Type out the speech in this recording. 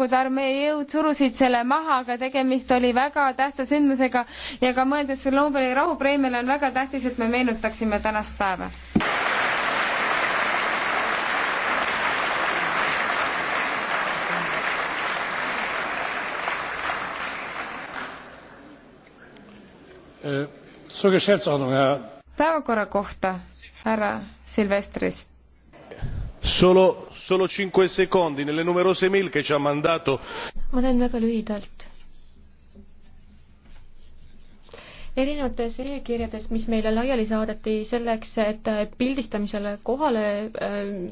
Nõukogude armee jõud surusid selle maha, aga tegemist oli väga tähtsa sündmusega ja ka mõeldes Nobeli rahupreemiale on väga tähtis, et me meenutaksime tänast päeva. Äh, päevakorra kohta, härra Silvestris solo cinque secondi nelle numerose mail che ci ha mandato. ma teen väga lühidalt. erinevates e-kirjades, mis meile laiali saadeti selleks, et pildistamisele kohale äh,